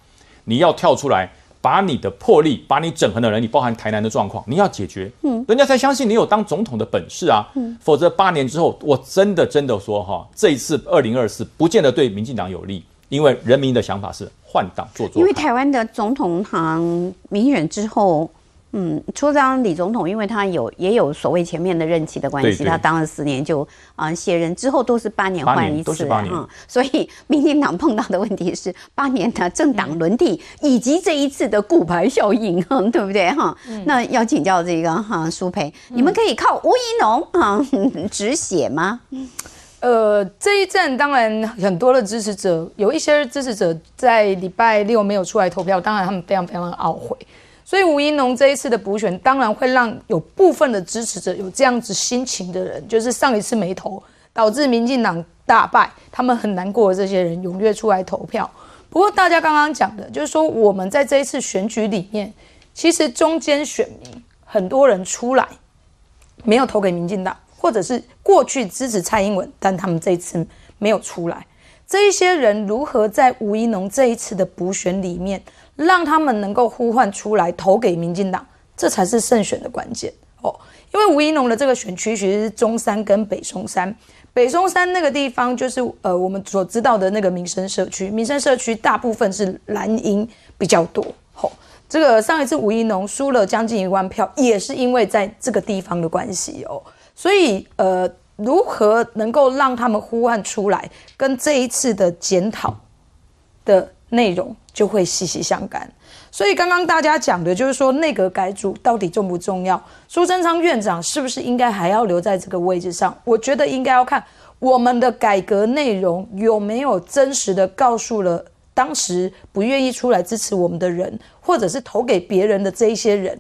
Speaker 3: 你要跳出來。把你的魄力，把你整合的人，你包含台南的狀況，你要解決，嗯，人家才相信你有當總統的本事啊，否則八年之後，我真的真的說哈，這一次二零二四不見得對民進黨有利，因為人民的想法是換黨做主，因為
Speaker 1: 台灣的總統行民選之後。嗯，除了李總統，因為他有也有所謂前面的任期的關係，對對他當了十年就啊、呃、卸任，之後都是八年換一次，哈、嗯，所以民進黨碰到的問題是八年的政黨輪替，以及這一次的骨牌效應，嗯嗯、對不對哈？嗯、那要請教這一個哈舒、嗯、培，嗯、你們可以靠吳怡農啊止血嗎？呃，這
Speaker 5: 一陣當然很多的支持者，有一些支持者在禮拜六沒有出來投票，當然他們非常非常的懊悔。所以吳怡農這一次的補選，當然會讓有部分的支持者有這樣子心情的人，就是上一次沒投，導致民進黨大敗，他們很難過的這些人踴躍出來投票。不過大家剛剛講的，就是說我們在這一次選舉裡面，其實中間選民很多人出來，沒有投給民進黨，或者是過去支持蔡英文，但他們這一次沒有出來，這一些人如何在吳怡農這一次的補選裡面，讓他們能夠呼喚出來投給民進黨，這才是勝選的關鍵哦。因為吳怡農的這個選區其實是中山跟北松山，北松山那個地方就是呃我們所知道的那個民生社區，民生社區大部分是藍營比較多吼、哦。這個上一次吳怡農輸了將近一萬票，也是因為在這個地方的關係哦。所以呃，如何能夠讓他們呼喚出來，跟這一次的檢討的內容。就會息息相關。所以剛剛大家講的就是說，內閣改組到底重不重要？蘇貞昌院長是不是應該還要留在這個位置上？我覺得應該要看我們的改革內容有沒有真實的告訴了當時不願意出來支持我們的人，或者是投給別人的這一些人，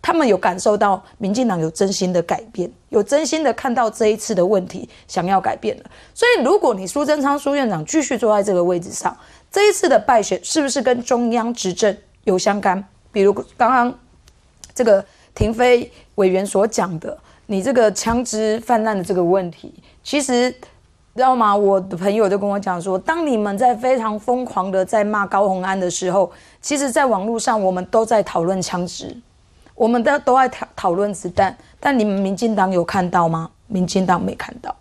Speaker 5: 他們有感受到民進黨有真心的改變，有真心的看到這一次的問題想要改變了。所以如果你蘇貞昌蘇院長繼續坐在這個位置上，這一次的敗選是不是跟中央執政有相干？比如剛剛這個亭妃委員所講的，你這個槍支泛濫的這個問題，其實你知道嗎？我的朋友就跟我講說，當你們在非常瘋狂的在罵高虹安的時候，其實在網絡上我們都在討論槍支，我們都都在討討論子彈，但你們民進黨有看到嗎？民進黨沒看到，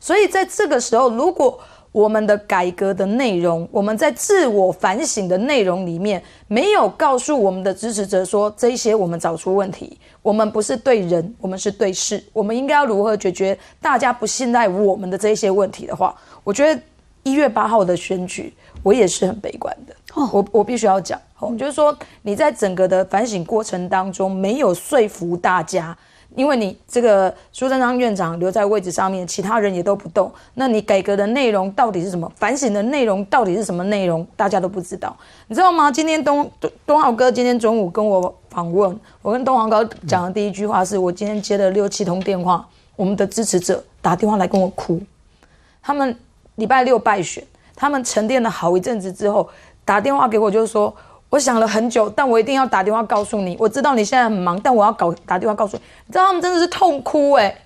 Speaker 5: 所以在這個時候，如果我們的改革的內容，我們在自我反省的內容裡面，沒有告訴我們的支持者說這一些我們找出問題，我們不是對人，我們是對事，我們應該要如何解決大家不信賴我們的這些問題的話，我覺得一月八號的選舉，我也是很悲觀的。哦，我我必須要講，我就是說你在整個的反省過程當中，沒有說服大家。因為你這個蘇貞昌院長留在位置上面，其他人也都不動，那你改革的內容到底是什麼？反省的內容到底是什麼內容？大家都不知道，你知道嗎？今天東東東豪哥今天中午跟我訪問，我跟東豪哥講的第一句話是，我今天接了六七通電話，我們的支持者打電話來跟我哭，他們禮拜六敗選，他們沉澱了好一陣子之後打電話給我，就是說。我想了很久，但我一定要打電話告訴你。我知道你現在很忙，但我要搞打電話告訴你。你知道他們真的是痛哭哎、欸，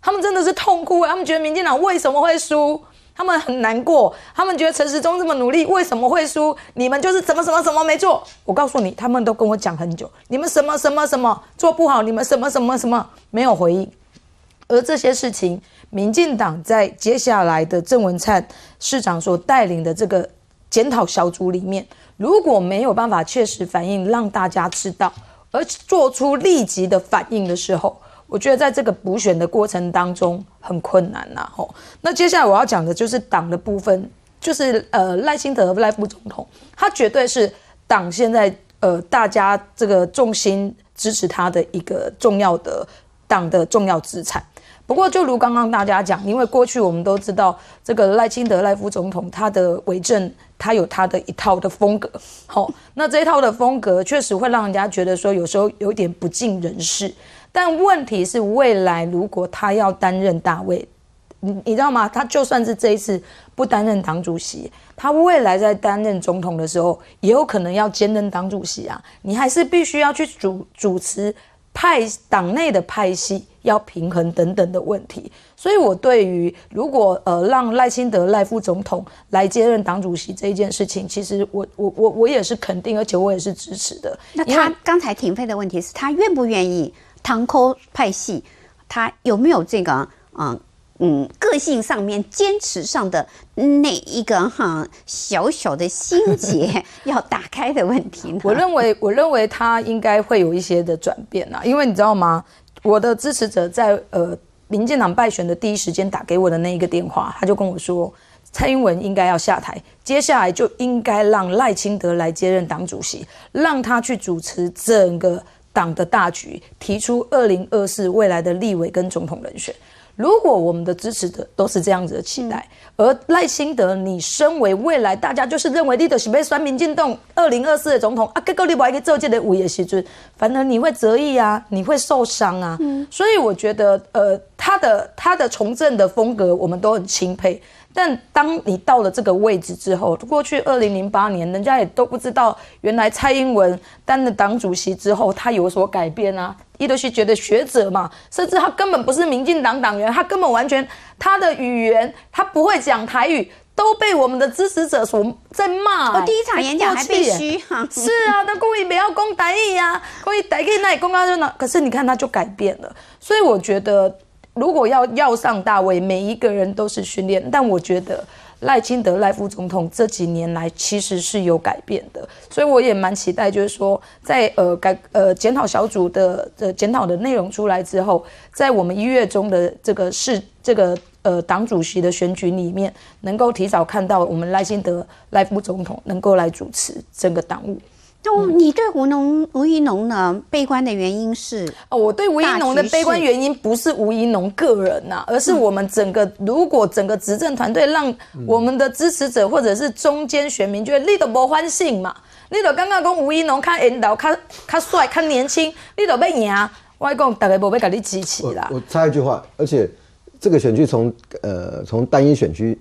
Speaker 5: 他們真的是痛哭哎、欸。他們覺得民進黨為什麼會輸？他們很難過。他們覺得陳時中這麼努力為什麼會輸？你們就是什麼什麼什麼沒做。我告訴你，他們都跟我講很久，你們什麼什麼什麼做不好，你們什麼什麼什麼沒有回應。而這些事情，民進黨在接下來的鄭文燦市長所帶領的這個檢討小組裡面。如果沒有辦法確實反映讓大家知道，而做出立即的反應的時候，我覺得在這個補選的過程當中很困難吶。吼，那接下來我要講的就是黨的部分，就是呃賴清德賴副總統，他絕對是黨現在呃大家這個重心支持他的一個重要的黨的重要資產。不過，就如剛剛大家講，因為過去我們都知道這個賴清德、賴副總統他的為政，他有他的一套的風格。好、哦，那這一套的風格確實會讓人家覺得說，有時候有點不近人情。但問題是，未來如果他要擔任大位，你你知道嗎？他就算是這一次不擔任黨主席，他未來在擔任總統的時候，也有可能要兼任黨主席啊。你還是必須要去主主持派黨內的派系。要平衡等等的問題，所以，我對於如果呃讓賴清德賴副總統來接任黨主席這一件事情，其實我我我我也是肯定，而且我也是支持
Speaker 1: 的。那他剛才亭妃的問題是他願不願意，唐扣派系，他有沒有這個啊嗯個性上面堅持上的那一個哈小小的心結要打開的問題？ 我認
Speaker 5: 為我認為他應該會有一些的轉變啊，因為你知道嗎？我的支持者在呃民進黨敗選的第一時間打給我的那一個電話，他就跟我說，蔡英文應該要下台，接下來就應該讓賴清德來接任黨主席，讓他去主持整個黨的大局，提出二零二四未來的立委跟總統人選。如果我們的支持者都是這樣子的期待，嗯、而賴清德，你身為未來大家就是認為你的立委選民進黨，二零二四的總統、嗯、啊，更高立委可以坐進的午夜時鐘，反而你會折翼啊，你會受傷啊。嗯、所以我覺得，呃，他的他的從政的風格，我們都很欽佩。但當你到了這個位置之後，過去二零零八年，人家也都不知道原來蔡英文當了黨主席之後，他有所改變啊？伊都西覺得學者嘛，甚至他根本不是民進黨黨員，他根本完全他的語言他不會講台語，都被我們的支持者所在罵，哦。第一場演講，欸、還被噓 是啊，他故意不要講台語呀，啊，故意在那講啊那。可是你看他就改變了，所以我覺得。如果要要上大位，每一個人都是訓練。但我覺得賴清德賴副總統這幾年來其實是有改變的，所以我也蠻期待，就是說在呃改呃檢討小組的呃檢討的內容出來之後，在我們一月中的這個市、這個呃黨主席的選舉裡面，能夠提早看到我們賴清德賴副總統能夠來主持整個黨務。
Speaker 1: 嗯哦、你對吳農吳怡農呢悲觀的原因是哦，我對吳怡農的悲觀原因
Speaker 5: 不是吳怡農個人吶、啊，而是我們整個、嗯、如果整個執政團隊讓我們的支持者或者是中間選民覺得、嗯、你都不歡喜嘛，你都剛剛講吳怡農卡緣投看卡帥卡年輕，你都冇贏，我跟你講大家冇要甲你支持啦。
Speaker 2: 我插一句話，而且這個選區從呃從單一選區。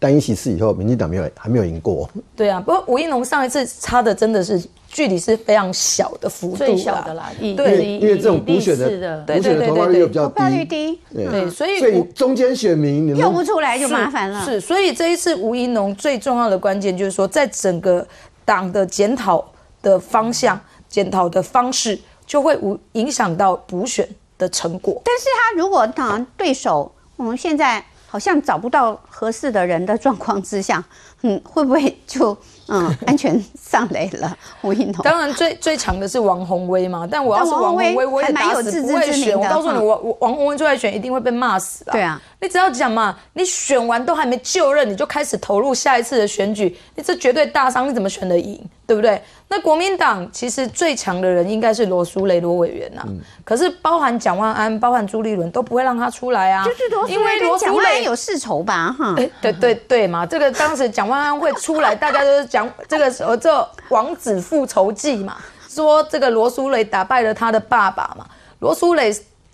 Speaker 2: 單一席次以後，民進黨沒有還沒有贏過。
Speaker 5: 對啊，不過吳怡農上一次差的真的是距離是非常小的幅度，啊，最小的啦。對，因為因為這種補選的補選的投票率又比較低，低，對，所以，嗯、所以
Speaker 2: 中間選民你跳不出來
Speaker 5: 就麻煩了是。是，所以這一次吳怡農最重要的關鍵就是說，在整個黨的檢討的方向、
Speaker 1: 檢討的方式，就會無影響到補選的成果。但是他如果當，嗯、對手，我們現在。好像找不到合適的人的狀況之下，嗯，會不會就嗯安全上壘了？吳怡農，當然最
Speaker 5: 最強的是王鴻薇嘛，但我要是王鴻薇，威還蠻有自知之明的。我我告訴你，王王鴻薇出來選一定會被罵死的。對啊。你只要講嘛，你選完都還沒就任，你就開始投入下一次的選舉，你這絕對大傷，你怎麼選得贏，對不對？那國民黨其實最強的人應該是羅淑蕾羅委員吶、啊，嗯、可是包含蔣萬安，包含朱立倫都不會讓他出來啊，就是羅。因為羅淑蕾有世仇吧，哈、欸。對對對嘛，這個當時蔣萬安會出來， 大家都是講這個是這王子復仇記嘛，說這個羅淑蕾打敗了他的爸爸嘛，羅淑蕾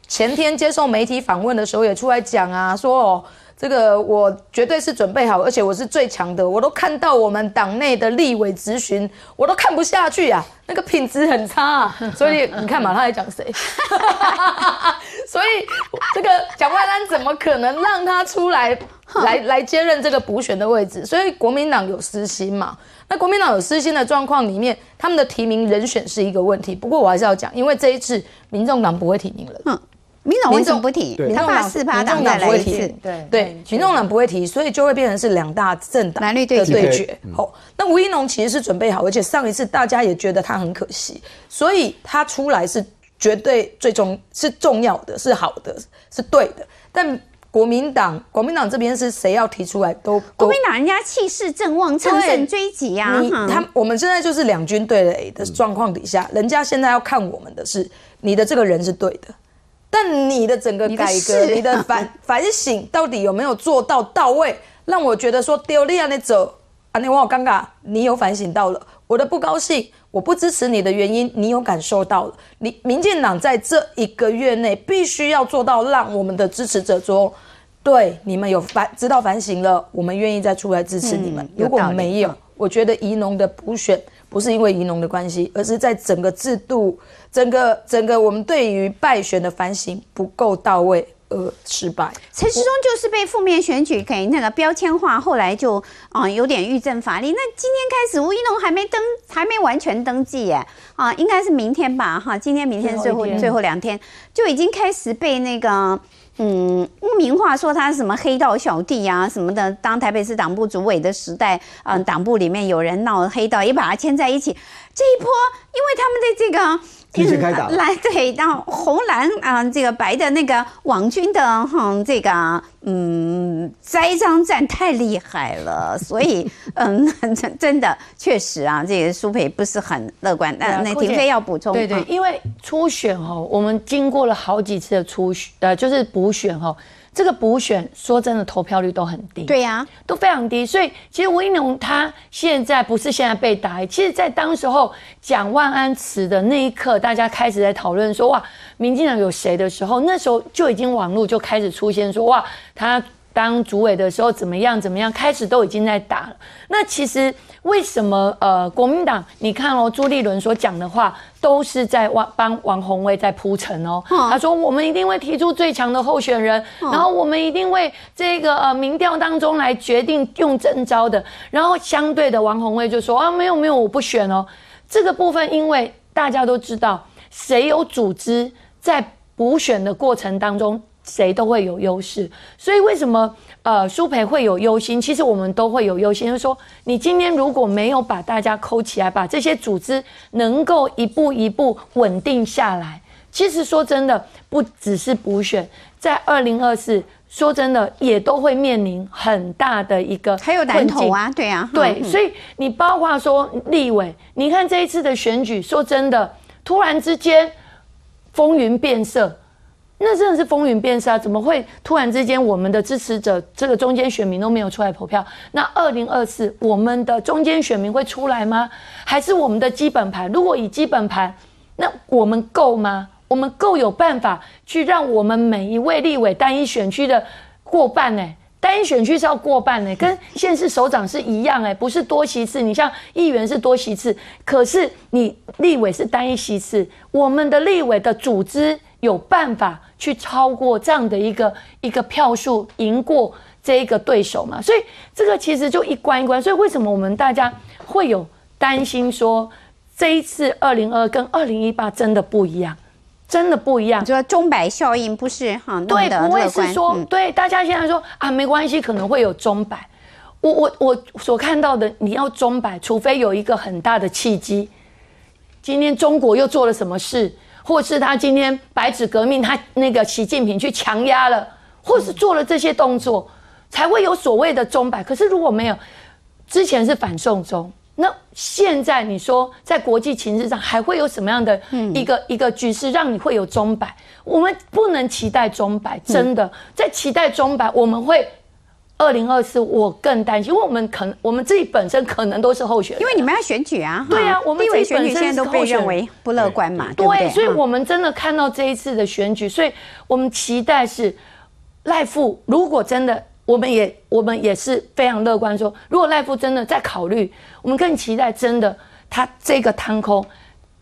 Speaker 5: 前天接受媒體訪問的時候也出來講啊，說哦，這個我絕對是準備好，而且我是最強的，我都看到我們黨內的立委質詢，我都看不下去啊，那個品質很差啊， 所以你看嘛，他還講誰？ 所以這個蔣萬安怎麼可能讓他出來 來來接任這個補選的位置？所以國民黨有私心嘛？那國民黨有私心的狀況裡面，他們的提名人選是一個問題。不過我還是要講，因為這一次民眾黨不會提名了。嗯
Speaker 1: 民眾黨眾不提？對他們怕四八黨再來了一次黨提。
Speaker 5: 對對，民眾黨不會提，所以就會變成是兩大政黨的對決。對對哦，那吳怡農其實是準備好，而且上一次大家也覺得他很可惜，所以他出來是絕對最終是重要的，是好的，是對的。但國民黨，國民黨這邊是誰要提出來都，國民
Speaker 1: 黨人家氣勢正旺，乘對勝追擊啊！他
Speaker 5: 我們現在就是兩軍對壘的狀況底下，嗯、人家現在要看我們的是你的這個人是對的。但你的整個改革，你的，啊、你的反反省到底有沒有做到到位？讓我覺得說丟臉的走啊！你我好尷尬。你有反省到了我的不高興，我不支持你的原因，你有感受到了？你民進黨在這一個月內必須要做到，讓我們的支持者說對你們有反知道反省了，我們願意再出來支持你們。嗯、如果沒有，我覺得怡農的補選。不是因為吳怡農的關係，而是在整個制度，整個整個我們對於敗選的反省不夠到位而失敗。陳時
Speaker 1: 中就是被負面選舉給那個標籤化，後來就啊有點欲振乏力。那今天開始，吳怡農還沒登，還沒完全登記耶，啊，應該是明天吧？哈，今天明天最後最後兩天就已經開始被那個。嗯，污名化說他什麼黑道小弟啊，什麼的。當台北市黨部主委的時代，嗯，黨部裡面有人鬧黑道，也把他牽在一起。這一波，因為他們的這個。一直開打，藍對那紅藍啊，這個白的那個網軍的這個嗯栽贓戰太厲害了，所以嗯真真的確實啊，這個蘇培不是很樂觀。那那亭妃要補充，對對，因為初選哦，我們經過了好幾次的初選，呃，就
Speaker 4: 是補選哦。這個補選說真的，投票率都很低，對呀、啊，都非常低。所以其實吳怡農他現在不是現在被打，其實在當時候講萬安詞的那一刻，大家開始在討論說哇，民進黨有誰的時候，那時候就已經網絡就開始出現說哇，他。當主委的時候怎麼樣？怎麼樣？開始都已經在打了。那其實為什麼？呃，國民黨，你看哦，朱立倫所講的話都是在幫王幫王鴻薇在鋪陳哦。他說我們一定會提出最強的候選人，然後我們一定會這個呃民調當中來決定用徵召的。然後相對的，王鴻薇就說啊，沒有沒有，我不選哦。這個部分因為大家都知道，誰有組織在補選的過程當中。誰都會有優勢，所以為什麼呃，舒培會有憂心？其實我們都會有憂心，就是說你今天如果沒有把大家扣起來，把這些組織能夠一步一步穩定下來，其實說真的，不只是補選，在二零二四，說真的也都會面臨很大的一個還有難頭啊，對啊、嗯，對，所以你包括說立委，你看這一次的選舉，說真的，突然之間風雲變色。那真的是風雲變色啊！怎麼會突然之間我們的支持者這個中間選民都沒有出來投票？那二零二四我們的中間選民會出來嗎？還是我們的基本盤？如果以基本盤，那我們夠嗎？我們夠有辦法去讓我們每一位立委單一選區的過半、欸？呢？單一選區是要過半、欸？呢？跟縣市首長是一樣、欸？誒不是多席次。你像議員是多席次，可是你立委是單一席次。我們的立委的組織。有辦法去超過這樣的一個一個票數，贏過這一個對手嘛。所以這個其實就一關一關。所以為什麼我們大家會有擔心說，這一次二零二二跟二零一八真的不一樣，真的不一樣？就說鐘擺效應不是哈？對，我也是說、嗯、對大家現在說啊，沒關係，可能會有鐘擺。我我我所看到的，你要鐘擺，除非有一個很大的契機。今天中國又做了什麼事？或是他今天白紙革命，他那個習近平去強壓了，或是做了這些動作，才會有所謂的鐘擺。可是如果沒有，之前是反送中，那現在你說在國際情勢上還會有什麼樣的一個一個局勢，讓你會有鐘擺？我們不能期待鐘擺，真的在期待鐘擺，我們會。二零二四，我更擔心，因為我們可能，我們自己本身可能都是候選人，啊，因
Speaker 1: 為你們要選舉啊。
Speaker 4: 對啊，我們自己選舉本身選現在都被認為不樂觀嘛。對，對對，所以我們真的看到這一次的選舉，所以我們期待是賴副。如果真的，我們也我們也是非常樂觀說，如果賴副真的在考慮，我們更期待真的他這個攤空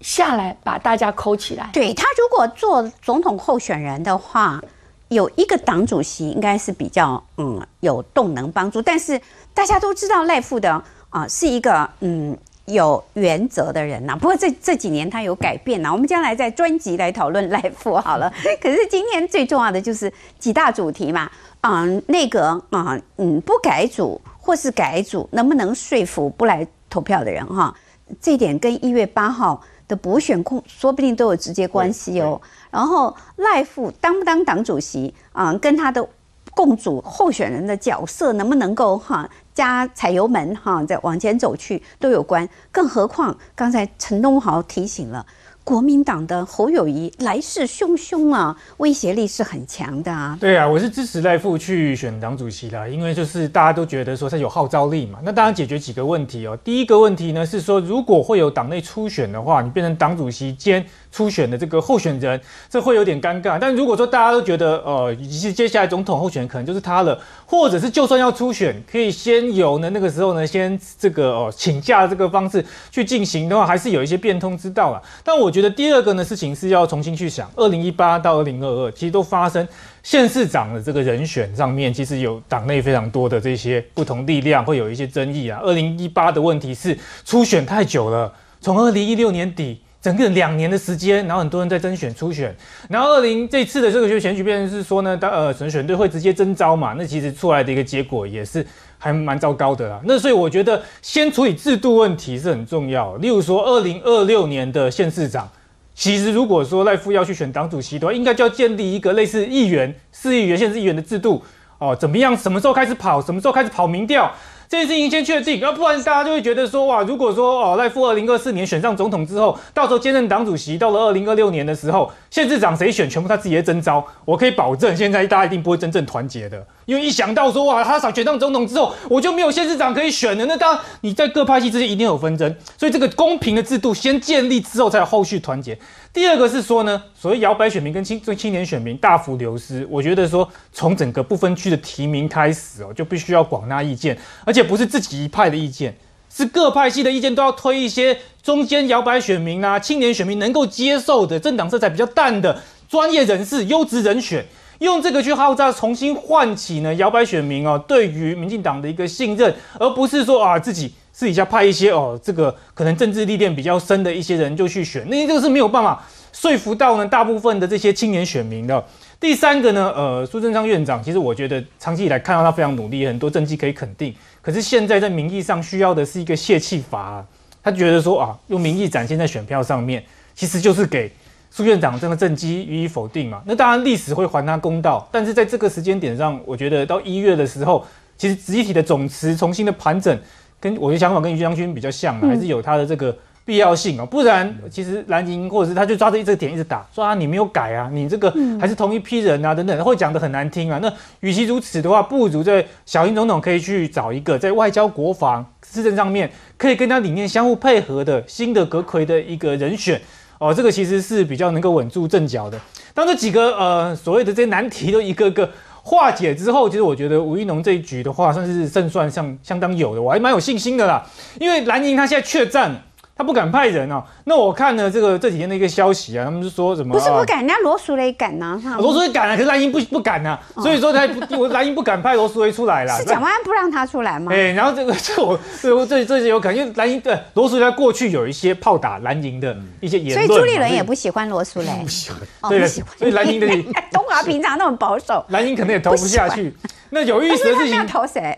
Speaker 1: 下來把大家摳起來。對，他如果做總統候選人的話。有一個黨主席，應該是比較嗯有動能幫助，但是大家都知道賴副的啊是一個嗯有原則的人吶。不過這這幾年他有改變吶，我們將來在專輯來討論賴副好了。可是今天最重要的就是幾大主題嘛，嗯，內閣啊嗯不改組或是改組，能不能說服不來投票的人哈？這點跟一月八號。的補選控說不定都有直接關係哦。然後賴副當不當黨主席啊，跟他的共主候選人的角色能不能夠哈、啊、加踩油門哈、啊、再往前走去都有關。更何況剛才陳東豪提醒了。國民黨的侯友宜來勢洶洶啊，威脅力是很強的啊。
Speaker 6: 對啊，我是支持賴副去選黨主席的，因為就是大家都覺得說他有號召力嘛。那當然解決幾個問題哦。第一個問題呢是說，如果會有黨內初選的話，你變成黨主席兼。初選的這個候選人，這會有點尷尬。但如果說大家都覺得，呃，以及接下來總統候選可能就是他了，或者是就算要初選，可以先由呢那個時候呢先這個哦、呃、請假這個方式去進行的話，還是有一些變通之道啦。但我覺得第二個呢事情是要重新去想，二零一八到二零二二其實都發生縣市長的這個人選上面，其實有黨內非常多的這些不同力量會有一些爭議啊。二零一八的問題是初選太久了，從二零一六年底，整個兩年的時間，然後很多人在甄選初選，然後二零這次的這個選舉變成是說呢，黨呃參選隊會直接徵召嘛，那其實出來的一個結果也是還蠻糟糕的啦。那所以我覺得先處理制度問題是很重要，例如說二零二六年的縣市長，其實如果說賴副要去選黨主席的話，應該就要建立一個類似議員、市議員、縣市議員的制度哦，怎麼樣，什麼時候開始跑，什麼時候開始跑民調。這件事情先確定，要不然大家就會覺得說哇，如果說哦，在賴副二零二四年選上總統之後，到時候兼任黨主席，到了二零二六年的時候，縣市長誰選，全部他自己的徵召，我可以保證，現在大家一定不會真正團結的，因為一想到說哇，他選上總統之後，我就沒有縣市長可以選了，那當你在各派系之間一定有紛爭，所以這個公平的制度先建立之後，才有後續團結。第二個是說呢，所謂搖擺選民跟青最青年選民大幅流失，我覺得說從整個不分區的提名開始哦，就必須要廣納意見，而且不是自己一派的意見，是各派系的意見都要推一些中間搖擺選民啊、青年選民能夠接受的政黨色彩比較淡的專業人士、優質人選，用這個去號召，重新喚起呢搖擺選民哦對於民進黨的一個信任，而不是說啊自己。私底下派一些哦，這個可能政治歷練比較深的一些人就去選，那這個是沒有辦法說服到呢大部分的這些青年選民的。第三個呢，呃，蘇貞昌院長，其實我覺得長期以來看到他非常努力，很多政績可以肯定。可是現在在民意上需要的是一個洩氣法、啊，他覺得說啊，用民意展現在選票上面，其實就是給蘇院長這個政績予以否定嘛。那當然歷史會還他公道，但是在這個時間點上，我覺得到一月的時候，其實集體的總辭重新的盤整。跟我的想法跟於將軍比較像嘛，還是有他的這個必要性哦、喔，嗯、不然，其實藍營或者是他就抓着一這個點一直打，說啊你沒有改啊，你這個還是同一批人啊等等，嗯、會講的很難聽啊。那與其如此的話，不如在小英總統可以去找一個在外交、國防、施政上面可以跟他理念相互配合的新的閣揆的一個人選哦、喔，這個其實是比較能夠穩住陣腳的。當這幾個呃所謂的這些難題都一個個化解之後，其實我覺得吳怡農這一局的話，算是勝算相相當有的，我還蠻有信心的啦，因為藍營他現在怯戰。他不敢派人哦，那我看了這個這幾天的一個消息啊，他們是說什麼？不是不敢，
Speaker 1: 人家羅淑蕾敢吶，他羅淑蕾
Speaker 6: 敢啊，可是藍營不不敢吶，所以說他不，藍營不敢派羅淑蕾出來了。是蔣
Speaker 1: 萬安不讓他出來嗎？哎，
Speaker 6: 然後這個這我這這這是有可能。感覺藍營對羅淑蕾過去有一些炮打藍營的一些言論，所以朱立倫也不
Speaker 1: 喜歡羅淑蕾，不喜歡，對，所以藍營的東華平常那麼保守，藍營可能也投不下去。那有意思的是，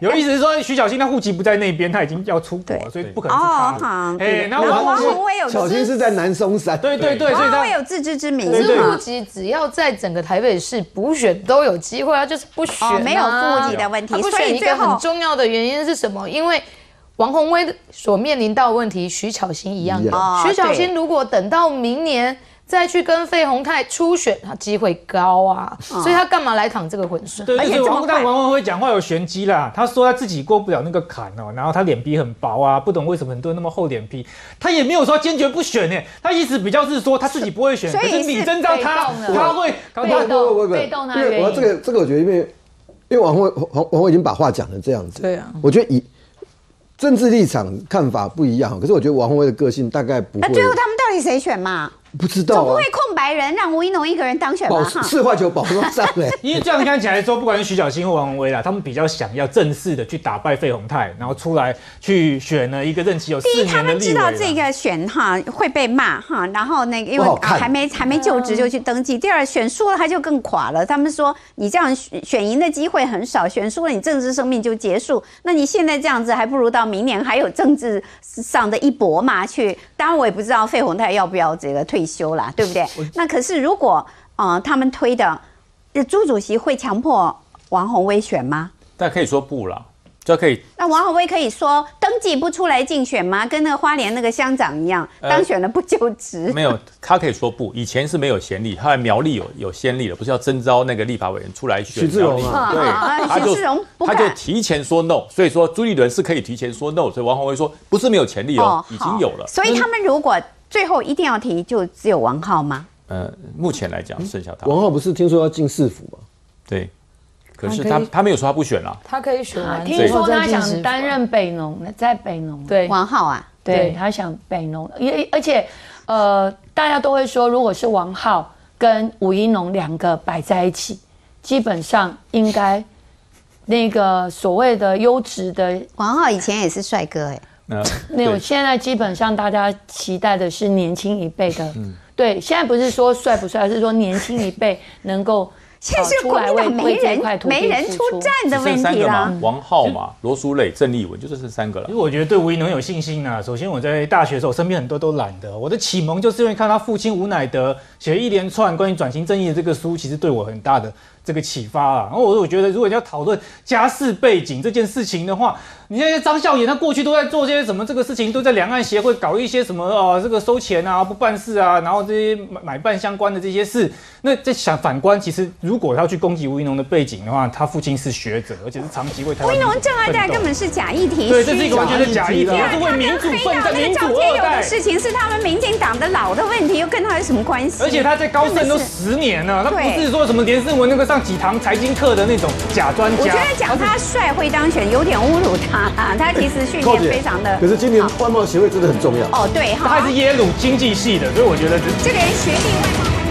Speaker 1: 有意思
Speaker 6: 是說徐巧芯他戶籍不在那邊，他已經要出國，所以不可能。哦，哎，那王王鴻薇有自知是在南松山，對對
Speaker 5: 對，所以他有自知之明。可是戶籍只要在整個台北市補選都有機會，啊，他就是不選，沒有戶籍的問題。所以一個很重要的原因是什麼？因為王鴻薇所面臨到的問題，徐巧芯一樣的。徐巧芯如果等到明年。再去跟費鴻泰初選，他機會高啊！啊所以他幹嘛來躺這個渾水？對，而且我
Speaker 6: 看到王鴻薇講話有玄機啦，他說他自己過不了那個坎哦、喔，然後他臉皮很薄啊，不懂為什麼很多人那麼厚臉皮，他也沒有說堅決不選呢、欸，他意思比較是說他自己不會選，是所以是，可是你真到他，他會被
Speaker 2: 動啊。對，因為這個這個我覺得，因為因為王鴻王王鴻薇已經把話講成這樣子，對啊，我覺得以政治立場看法不一樣，可是我覺得王鴻薇的個性大概不會、啊。那最後他
Speaker 1: 們到底誰選嘛？
Speaker 2: 不知道、啊，總不會
Speaker 1: 空白人讓吳怡農一個人當選吧？四塊九
Speaker 2: 保障、欸，
Speaker 1: 因為這
Speaker 6: 樣看起來說，不管是徐巧芯或王鴻薇啦，他們比較想要正式的去打敗費鴻泰，然後出來去選了一個任期有四年的立委。第一，他們知
Speaker 1: 道這個選哈會被罵哈，然後那個因為還沒還沒，還沒就職就去登記。第二，選輸了他就更垮了。他們說你這樣選贏的機會很少，選輸了你政治生命就結束。那你現在這樣子，還不如到明年還有政治上的一搏嘛？去，當然我也不知道費鴻泰要不要這個退。修啦，對不對？那可是如果啊、呃，他們推的朱主席會強迫王宏威選嗎？
Speaker 3: 但可以說不了，就可以。
Speaker 1: 那王宏威可以說登記不出來競選嗎？跟那個花蓮那個鄉長一樣，當選了不就職、呃？
Speaker 3: 沒有，他可以說不。以前是沒有先例，他來苗栗有有先例了，不是要徵召那個立法委員出來選？是志榮啊，對，許、啊就啊、志榮他就提前說 no，所以說朱立倫是可以提前說 no，所以王宏威說不是沒有潛力哦，哦已經有了。所以他
Speaker 1: 們如果。最後一定要提，就只有王浩嗎？
Speaker 3: 呃，目前來講，剩下他。嗯、王
Speaker 2: 浩不是聽說要進市
Speaker 1: 府嗎？
Speaker 3: 對。可是他他，可他沒有說他不選了、啊。
Speaker 4: 他可以選啊。聽說他想擔任北農，在北農。對，對王浩啊，對他想北農，而且呃，大家都會說，如果是王浩跟吳怡農兩個擺在一起，基本上應該那個所謂的優質的王浩以前也是帥哥哎、欸。那我現在基本上大家期待的是年輕一輩的，嗯、對，現在不是說帥不帥， 而是說年輕一輩能夠跳、 啊、出來為
Speaker 1: 沒人沒人出戰的問題啦。三個嗯、
Speaker 6: 王鴻薇嘛，羅淑蕾、鄭麗文，就剩三個啦。因為我覺得對吳怡農有信心啊。首先我在大學的時候，身邊很多都懶得。我的啟蒙就是因為看到他父親吳乃德寫一連串關於轉型正義的這個書，其實對我很大的這個啟發啊。然後我我覺得如果要討論家世背景這件事情的話。你現在張孝顏，他過去都在做些什麼這個事情，都在兩岸協會搞一些什麼啊，這個收錢啊，不辦事啊，然後這些買買辦相關的這些事。那在想反觀，其實如果他去攻擊吳怡農的背景的話，他父親是學者，而且是長期為他，吳怡農政二代根本
Speaker 1: 是假議題，對，這是一個完全是假意的假議題。是有因他是為民主奮鬥的的事情，是他們民進黨的老的問題，又跟他有什麼關係？而且他在高盛都
Speaker 6: 十年了，不他不是說什麼連勝文那個上幾堂財經課的那種假專家。我覺得講
Speaker 1: 他帥會當選，有點侮辱他。啊，他其實
Speaker 6: 訓練非
Speaker 2: 常的，可是今年外貌協會真的很重要
Speaker 6: 哦，對，他還是耶魯經濟系的，所以我覺得
Speaker 1: 這這個學歷。